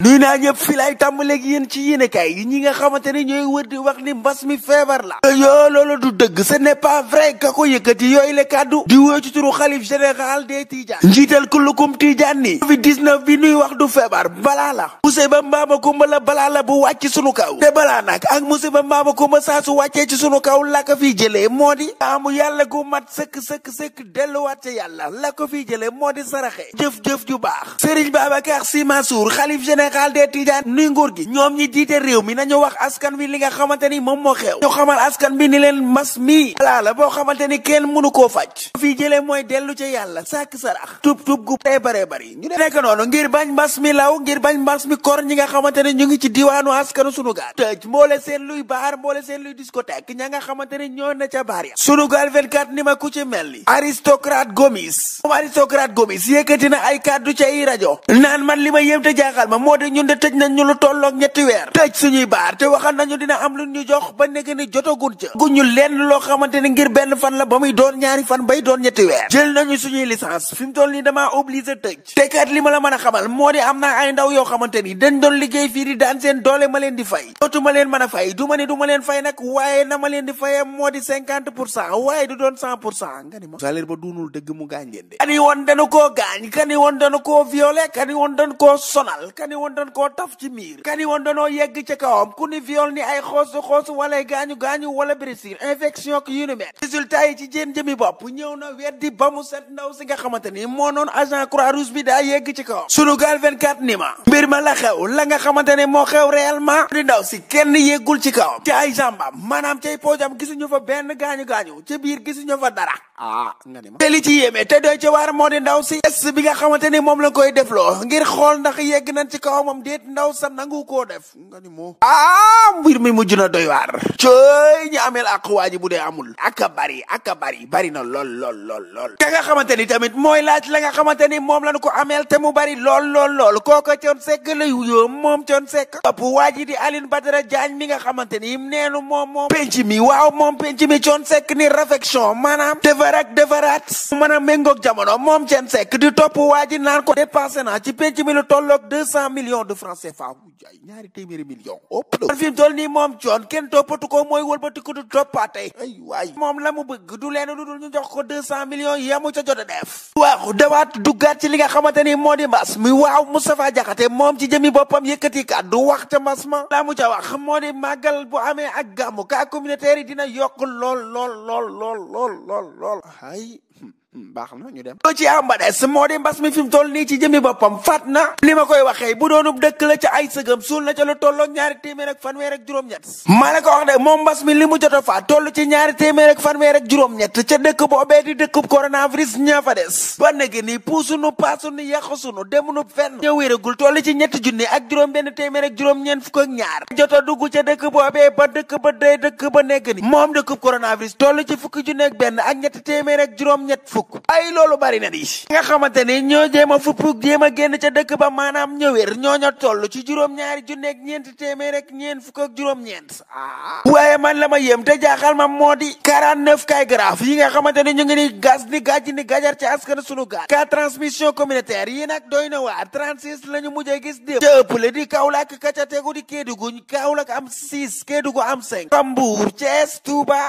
nuy naa ñëpp fi tàmm léegi yéen ci yéenekaay yi ñi nga xamante ni ñooy wër di wax ni mbas mi feebar la yoo loolu du dëgg ce n'est pas vrai ka ko yëkkati yooyu la kàddu di wéy turu xalif général des Tidiane njiital kullukum Tidiane ni covid 19 bi nuy wax du feebar balaa la ba mbaama kumba la balaa la bu wàcc sunu kaw te balaa nag ak musiba mbaama kumba saa su wàccee ci sunu kaw lakk ko fiy jëlee moo di amu yàlla gu mat sëkk sëkk sëkk delluwaat ca yàlla la ko fiy jëlee di saraxe jëf-jëf ju baax Serigne Babacar général des Tidiane nuy nguur gi ñoom ñi jiite réew mi nañu wax askan wi li nga xamante ni moom moo xew ñu xamal askan bi ni leen mas mii alaa la boo xamante ni kenn mënu koo faj fii jëlee mooy dellu ca yàlla sàkk sarax tub tub gu tey bare bari ñu nekk noonu ngir bañ mbas mi law ngir bañ mbas mi kor ñi nga xamante ne ñu ngi ci diwaanu askanu sunu gaal tëj mboole seen luy baar mboole seen luy discothèque ña nga xamante ne ñoo na ca baar ya sunu gaal 24 ni ma ni aristocrate gomis moom aristocrate gomis yëkkati na ay kàddu ca ay rajo naan man li ma yëm te de ñun de tëj nañ ñu lu tolloog ñetti weer tëj suñuy baar te waxal nañu dina am lu ñu jox ba nekk ni jotagun ca ngir benn fan la ba muy doon ñaari fan bay doon ñetti weer jël nañu suñuy licence fi mu toll nii damaa obligé tëj te moo di am ndaw yoo xamante ni dañ doon liggéey fii di daan seen doole ma leen di fay dootu ma leen mën a fay du ma ne du ma leen fay nag waaye na ma leen di faye moo di cinquante pour cent waaye du doon cent pour cent nga ni ma salaire ba duunul dëgg mu gaañ woon dañu koo gaañ kani woon dañu koo violé kani woon dañu koo sonal woon doon koo taf ci miir kani woon doonoo yegg ca kawam ku ni viol ni ay xoosu xoosu wala gaañu-gaañu wala blessure infection k yu ni mel ba mu set ndaw si nga xamante ni moo noon agent croix rouge bi daa yegg ci kawam Sunugal 24 ni ma mbir ma la xew la nga xamante ne moo xew réellement di si kenn yeggul ci kawam ci ay jambam maanaam cay poojam gisuñu fa benn gaañu-gaañu ci biir gisuñu fa dara ah nga ni te li ci yéeme te doy ci waar moo di ndaw si est bi nga xamante ni moom la koy defloo ngir xool ndax yegg nañ ci kawam boromam déet ndaw sa nangu koo def nga ni moo ah mbir mi mujj na doy waar cooy ñu ameel ak waa ji bu dee amul aka bari aka bari bari na lool lool lool lool ka nga xamante ni tamit mooy laaj la nga xamante ni moom lañu ko ameel te mu bari lool lool lool kooka coon sekk lay wuyoo moom coon sekk topp waa ji di Aline Badara Diagne mi nga xamante ni neenu moom moom penc mi waaw moom penc mi coon ni réflexion maanaam defar ak defaraat maanaam méngoog jamono moom coon sekk di topp waa naan ko millions de francs CFA wu jaay ñaari téeméeri millions ëpp na fi mu moom coon kenn toppatu ko mooy wëlbati ko du toppaate ay waay moom la mu bëgg du leen lu dul ñu jox ko deux cent millions yamu ca jot a def waaw dawaat duggaat ci li nga xamante ni moo di mbas mi waaw Moustapha Diakhaté moom ci jëmi boppam yëkkati kàddu wax ca mbas ma la mu ca wax moo di màggal bu amee ak gàmmu ka communautaire yi dina yokk lool lool lool lool lool lool hmm. Hmm, baax na ñu dem. loo ci am moo di mbas mi fi mu toll nii ci jëmmi boppam faat na. li ma koy waxee bu doonub dëkk la ca ay sëgëm suul na ca lu tolloog ñaari téeméer ak fanweer ak juróom-ñett. moom mbas mi li mu jot a toll ci ñaari téeméer ak fanweer ak juróom-ñett ca dëkk boobee di dëkkub coronavirus ñaa fa des. ba nag ni puusunu paasunu yàqu sunu demunu fenn. ña wéragul toll ci ñetti junni ak juróom-benn téeméer ak juróom-ñeent fukk ak ñaar. jot a dugg ca dëkk boobee ba dëkk ba day dëkk ba nekk ni moom dëkk coronavirus toll ci fukki junni ak benn ak ñetti téeméer ak juróom fukk ay loolu bari na di nga xamante ñoo jéem a fupp jéem a génn ca dëkk ba maanaam ñëwér ñooña toll ci juróom-ñaari junneeg ñeenti téeméer ak ñeent fukk ak juróom-ñeent ah waaye man la ma yéem te jaaxal ma moo di 49 kay graaf yi nga xamante ni ñu ngi ni gas ni gàjj ni gajar ci askan sunu gaal ka transmission communautaire yi nag doy na waar 36 la ñu mujjee gis déew ca ëppale di Kaolack ka ca tegu di Kédougou Kaolack am 6 Kédougou am 5 Mbour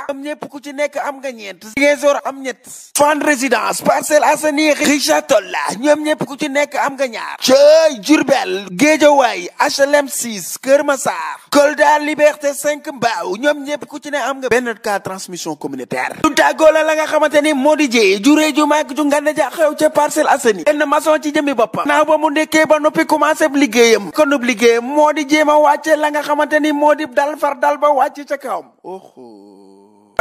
am ñëpp ku ci nekk am nga ñeent Ziguinchor am résidence Parcelles Assainies Richard Toll ñoom ñëpp ku ci nekk am nga ñaar cëy Diourbel Guédiawaye HLM 6 Keur Massar Kolda Liberté 5 Mbao ñoom ñëpp ku ci ne am nga benn cas transmission communautaire du tàggoo la la nga xamante ni moo di jee juree ju màgg ju ngànna ja xew ca Parcelles Assainies benn maçon ci jëmmi boppam naaw ba mu ndekkee ba noppi commencé liggéeyam konub liggéeyam moo di jéem a la nga xamante ni moo di dal far dal ba wàcc ca kawam oho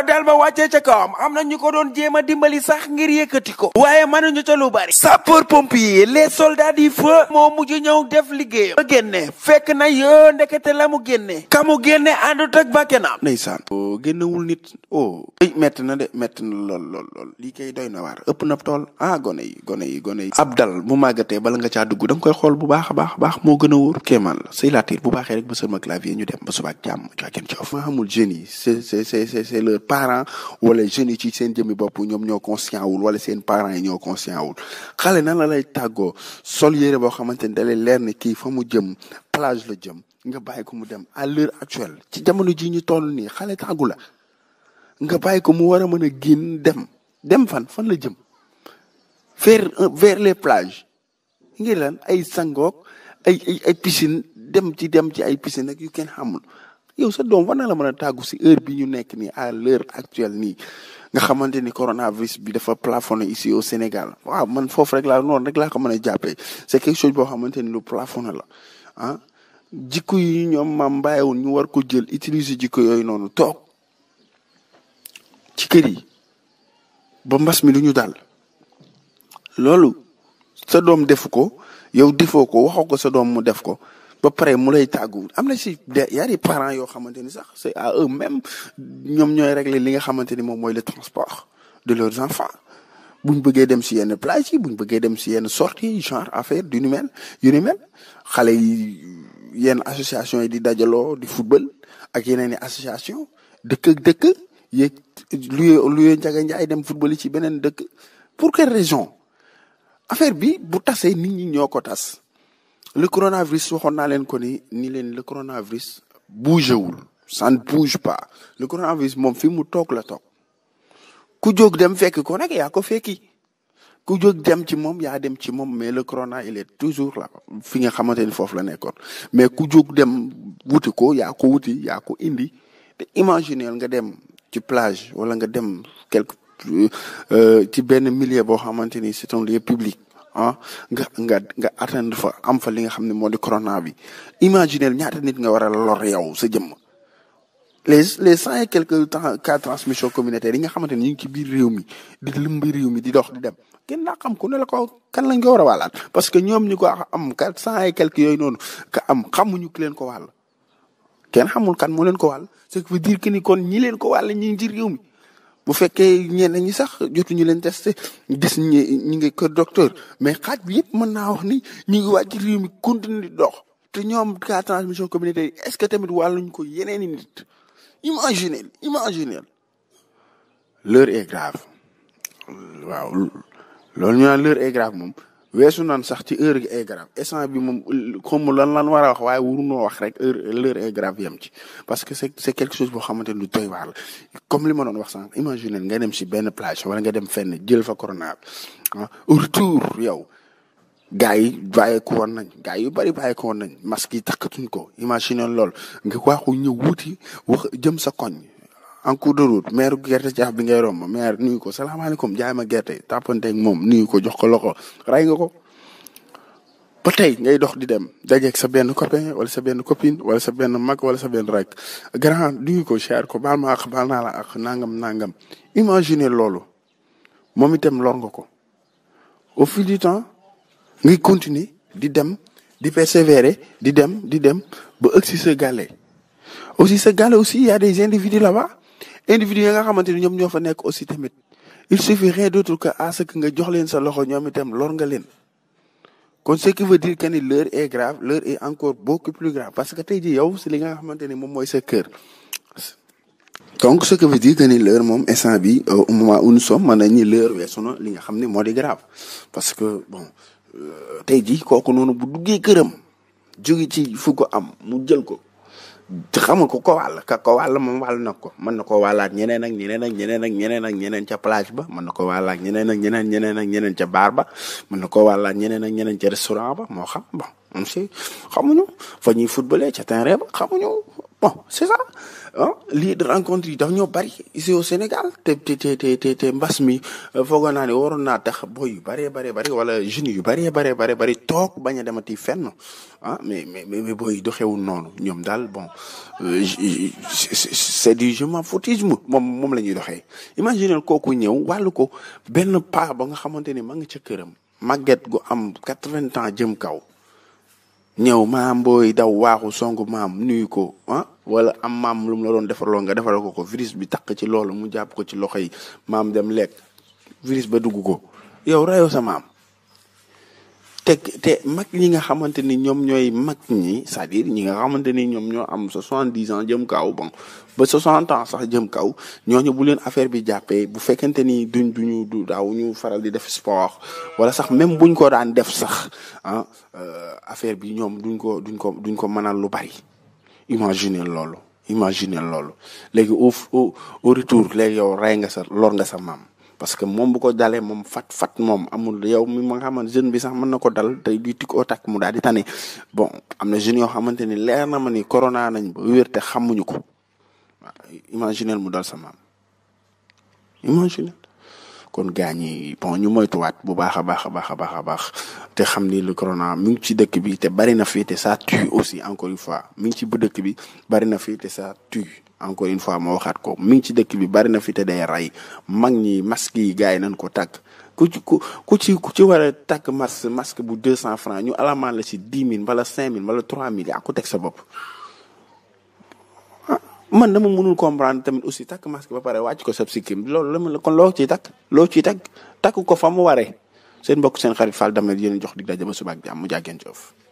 del ba wàccee ca kawam am na ñu ko doon jéem a dimbali sax ngir yëkkati ko waaye ñu ca lu bari sapeur pompier le soldats du feu moo mujj ñëw def liggéeyam ba génne fekk na yoo ndekete la mu génne ka mu génne àndut ba bakkenam ndeysaan o oh, génnewul nit o oh. ëy metti na de metti na lool lool lool lii kay na waar ëpp na tool ah, gone yi yi gone yi ab dal bu màggatee bala nga caa dugg da koy xool bu baax a baax a baax moo gën a wóor la say laatiir bu baaxee rek ba sama clavier ñu dem ba subaak jàmm joaken coof maa xamul jeunes yi c'est parent wala jeunes yi ci seen jëmmi bopp ñoom ñoo conscient wul wala seen parents yi ñoo conscient wul xale na la lay tàggoo sol yére boo xamante ni dalay leer ne kii fa mu jëm plage la jëm nga bàyyi ko mu dem à l'heure actuelle ci jamono ji ñu toll nii xale tàggu la nga bàyyi ko mu war a mën a génn dem dem fan fan la jëm vers vers les plages ngir lan ay sangook ay ay piscine dem ci dem ci ay piscine nag yu kenn xamul yow sa doom war na la mën a tàggu si heure bi ñu nekk nii a l'heure actuelle nii nga xamante ni coronavirus bi dafa plafonné ici au Sénégal waaw man foofu rek laa noonu rek laa ko mën a jàppee c'est quelque chose boo xamante ni lu plafonné la ah jikko yi ñoom maam bàyyiwul ñu war ko jël utiliser jikko yooyu noonu toog ci ba mbas mi lu ñu daal loolu sa doom def ko yow defoo ko waxoo ko sa doom mu def ko ba pare mu lay tàggu am na si de y a des parents yoo xamante ni sax c'est à eux même ñoom ñooy régler li nga xamante ni moom mooy le transport de leurs enfants buñ bëggee dem si yenn plage yi buñ bëggee dem si yenn sortie genre affaire du ni yu ni xale yi yenn association yi di dajaloo di football ak yeneen i association dëkk dëkk yéeg luye luye njaga njaay dem football yi ci beneen dëkk pour quelle raison affaire bi bu tasee nit ñi ñoo ko tas le coronavirus waxoon naa leen ko ni ni leen le coronavirus bougé wul ça ne bouge pas le coronavirus moom fi mu toog la toog ku jóg dem fekk ko nag yaa ko fekki ku jóg dem ci moom yaa dem ci moom mais le corona il est toujours là fi nga xamante ni foofu la nekkoon mais ku jóg dem wuti ko yaa ko wuti yaa indi te imagineel nga dem ci plage wala nga dem quelque euh, ci benn milieu boo xamante ni c'est un lieu public ah nga nga nga atteindre fa am fa li nga xam ne moo di corona bi imaginer ñaata nit nga war a lor yow sa jëmm les les cent et quelques cas transmission communautaire yi nga xamante ni ñu ngi ci biir réew mi di lëmbi réew mi di dox di dem kenn laa xam ku ne la ko kan lañ ko war a wàllaat parce que ñoom ñu ko am quatre cent et quelques yooyu noonu ka am xamuñu ki leen ko wàll kenn xamul kan moo leen ko wàll ce qui veut que ni kon ñi leen ko wàll ñi ngi ci réew mi bu fekkee ñenn ñi sax jotuñu leen testé gis ñi ñi ngi kër docteur mais xaaj bi yëpp mën naa wax ni ñu ngi wàcc réew mi continue di dox te ñoom cas transmission communautaire yi est ce que tamit wàlluñ ko yeneen i nit imaginez imaginez l'heure est grave waaw loolu ñu a l'heure est grave moom weesu naan sax ci heure est grave instant bi mom comme lan lan war a wax waaye waruñoo wax rek heure l'heure est yam ci parce que c'est c'est quelque chose boo xamante ni lu doy waar la comme li ma doon wax sànq imagine nga dem si benn plage wala nga dem fenn jël fa corona bi ah, retour yow gars yi bàyyeeku woon nañ gars yu bari bàyyeeku woon nañ masque yi takkatuñ ko imagine lool nga waaxu ñëw wuuti wax jëm sa koñ. en cours de route maire gerte caaf bi ngay romb maire nuyu ko salaamaaleykum jaay ma gerte tàppanteeg moom nuyu ko jox ko loxo ray nga ko ba tey ngay dox di dem dajeeg sa benn copain wala sa benn copine wala sa benn mag wala sa benn rak grand nuyu ko cher ko baal ma ak baal naa la àq nangam nangam imagine loolu moom itam lor nga ko au fil du temps ngay continuer di dem di persévérer di dem di dem ba ëgg si sa gàlle aussi sa gàlle aussi y des individus là individu yi nga xamante ni ñoom ñoo fa nekk aussi tamit il suffit rien d'autre que à ce que nga jox leen sa loxo ñoom itam loor nga leen kon ce qui veut dire que ni l'heure est grave l'heure est encore beaucoup plus grave parce que tey jii yow si li nga xamante ne moom mooy sa kër. donc ce qui veut dire que ni l'heure moom instant bi au moment où nous sommes mën nañu l'heure li nga xam ne moo di grave parce que bon euh, tey jii kooku noonu bu duggee këram jóge ci fu ko am mu jël ko. xam nga ku ko wàll ka ko wàll moom wàll na ko mën na ko wàllaat ñeneen ak ñeneen ak ñeneen ak ñeneen ak ñeneen ca plage ba mën na ko wàllaat ñeneen ak ñeneen ñeneen ak ñeneen ca baar ba mën na ko wàllaat ñeneen ak ñeneen ca restaurant ba moo xam bon on sait xamuñu fa ñuy footballé ca terrain ba xamuñu bon c'est ça ah lii de rencontre yi daf ñoo bari ici au Sénégal te te te te te mbas mi euh, foogoo naa ne waroon naa tax boy yu baree bari wala jeunes yu baree baree baree bari toog baña a demati fenn a ah, mais mais mais boy yi doxewul noonu ñoom daal bon euh, c'est du je m'en foutisme moom moom la ñuy doxee. imagine kooku ñëw wàllu ko benn paa ba nga xamante ni ma nga ca këram màgget gu am quatre-vingts ans jëm kaw. ñëw maam booy daw waaxu songu maam nuyu ko ah wala am maam lum la doon defarloo nga defaral ko ko virus bi takk ci loolu mu jàpp ko ci loxo yi maam dem lekk virus ba dugg ko yow rayoo sa maam te te mag ñi nga xamante ni ñoom ñooy mag ñi cest diir ñi nga xamante ni ñoom ñoo am soixante dix ans jëm kaw bon ba soixante ans sax jëm kaw ñooñu bu leen affaire bi jàppee bu fekkente ni duñ duñu du daaw ñu faral di def sport wala sax même buñ ko daan def sax ah euh, affaire bi ñoom duñ ko duñ ko duñ ko mënal lu bari imaginer loolu imaginer loolu léegi au au retour léegi yow rey nga sa loor nga sa maam. parce que moom bu ko dalee moom fat fat moom amul yow mi ma nga xamante jeune bi sax na ko dal tey du tik au tak mu daal di bon am na jeunes yoo xamante ni leer na ma ni corona nañ ba wér te xamuñu ko waaw imaginel mu dal sa imaginel kon gaa ñi bon ñu moytuwaat bu baax a baax a baax a baax a baax te xam ni le corona mi ngi ci dëkk bi te bari na fi te ça tue aussi encore une fois mi ngi ci bu dëkk bi bari na fi te ça tue fois ma waxaat ko mi ngi ci dëkk bi bari na fi te day rey mag ñi masque yi gars nañ ko tàkk ku ci ku ci ku ci war a tàkk masque masque bu deux cent francs ñu alamaan la ci dix mille wala cinq mille wala trois mille yaa ko teg sa bopp. man dama mënul comprendre tamit aussi takk masque ba pare wàcc ko sab sikkim kon loo ciy takk loo ciy takk takk ko fa mu waree seen mbokk seen xarit Fall Damel yéen jox dig daje ba suba ak jàmm mu jàggeen coof